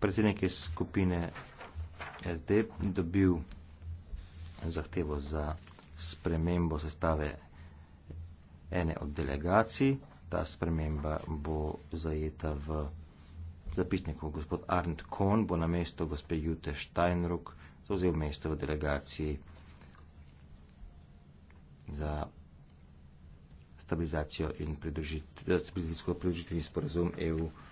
predsednik iz skupine SD dobil zahtevo za spremembo sestave ene od delegacij. Ta sprememba bo zajeta v zapisniku. Gospod Arnd Kohn bo na mesto gospe Jute Steinruck zauzel mesto v delegaciji za stabilizacijo in pridružitvi, stabilizacijsko pridružitveni sporazum EU-EU.